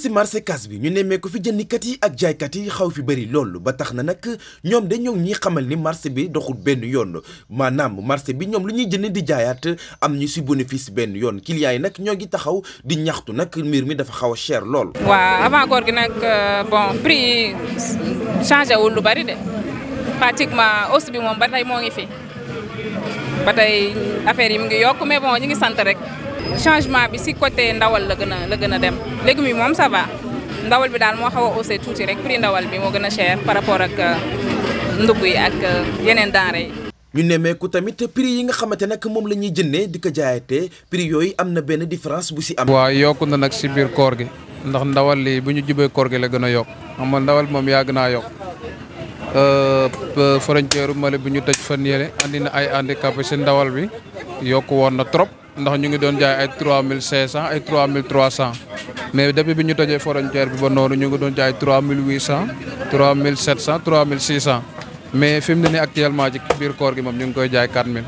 si marché Casse bi ñu nemmee ko fi jëndikat yi ak jaaykat yi xaw fi bëri loolu ba tax na nag ñoom de ñoo ñi xamal ni marché bi doxul benn yoon maanaam marché bi ñoom lu ñuy jënd di jaayaat am ñu si bénéfice benn yoon clients yi nag ñoo ngi taxaw di ñaxtu nag mbir mi dafa xaw a cher lool. waaw avant koor gi nag euh, bon prix changé wul lu bari de pratiquement hausse bi moom ba tey moo ngi fi. ba tey affaire yi mu ngi yokk mais bon ñu ngi sant rek changement bi si côté ndawal la gën a la gën a dem légumes yi moom ça va ndawal bi daal moo xaw a tuuti rek prix ndawal bi moo gën a cher par rapport ak euh, ndugg yi ak euh, yeneen denrées yi. ñu nemmeeku tamit prix yi nga xamante nag moom la ñuy jëndee di ko jaayatee prix yooyu am na benn différence bu si am. waaw yokk na nag si biir koor gi ndax ndawal li bu ñu jubee koor gi la gën a yokk xam ndawal moom yàgg naa yokk. Euh, frontière Mali bi ñu tëj fan yële andi na ay handicapé si ndawal bi yokku woon na trop ndax ñu ngi doon jaay ay 3500 ay 3300 mais depuis bi ñu tojee frontière bi ba noonu ñu ngi doon jaay 3800 3700 3600 mais fi mu ne nii actuellement ci biir koor gi moom ñu ngi koy jaay 4000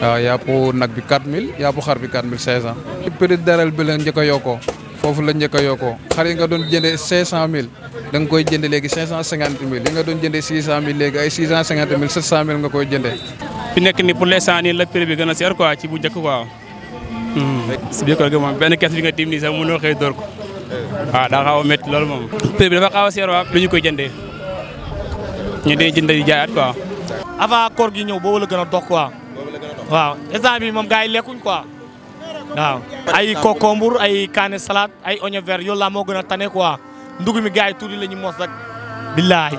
waaw yàppu nag bi 4000 yàppu xar bi 4500. prix daral bi la njëkk a yokkoo foofu la njëkk a yokkoo xar yi nga doon jëlee 500000. danga koy jënde léegi cinq cent cinquante mille li nga doon jëndee six cent mille léegi six cent cinquante mille sept cent mille nga koy jëndee. fi nekk ni pour l'instant nii la prix gën a seer quoi ci bu njëkk quoi. Hmm. si biir kër gi moom benn kees bi nga tiim nii sax mënoo xëy door ah, daa xaw a métti loolu moom. prix dafa xaw a seer waaw lu ñu koy jëndee. ñu dañuy jënd di jaayaat quoi. avant koor gi ñëw boobu la gën a dox quoi. waaw instant bi moom gars yi lekkuñ quoi. waaw ay concombre ay kaane salade ay oignon vert yooyu moo gën a tane quoi. ndugg mi gars yi tuuti la ñu mos billaahi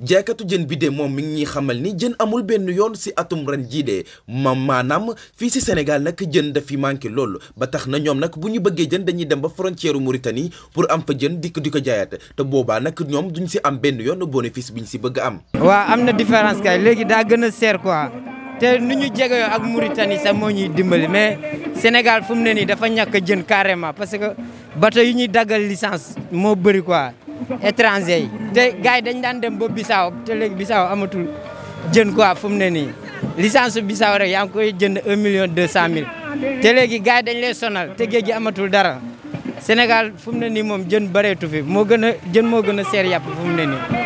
jaaykatu jën bi de moom mi ngi ñuy xamal ni jën amul benn yoon si atum ren jii de ma maanaam fii si Sénégal nag jën dafi manqué loolu ba tax na ñoom nag bu ñu bëggee jën dañuy dem ba frontière Mauritanie pour am fa jën dikk di ko jaayaat te boobaa nag ñoom duñ si am benn yoon bénéfice buñ si bëgg am. waaw am na différence léegi daa gën a seer quoi. te nu ñu jegeyoo ak Mauritanie sax moo ñuy dimbali mais Sénégal fu mu ne nii dafa ñàkk a jën carrément parce que bateau yi ñuy daggal licence moo bëri quoi étranger yi te gars yi dañ daan dem ba bisaaw te léegi Bissau amatul jën quoi fu mu ne nii licence su Bissau rek yaa ngi koy jënd un million deux cent mille te léegi gars dañ le sonal te géej amatul dara Sénégal fu ne nii moom jën bëreetu fi moo gën a jën moo gën a seer yàpp fu mu ne nii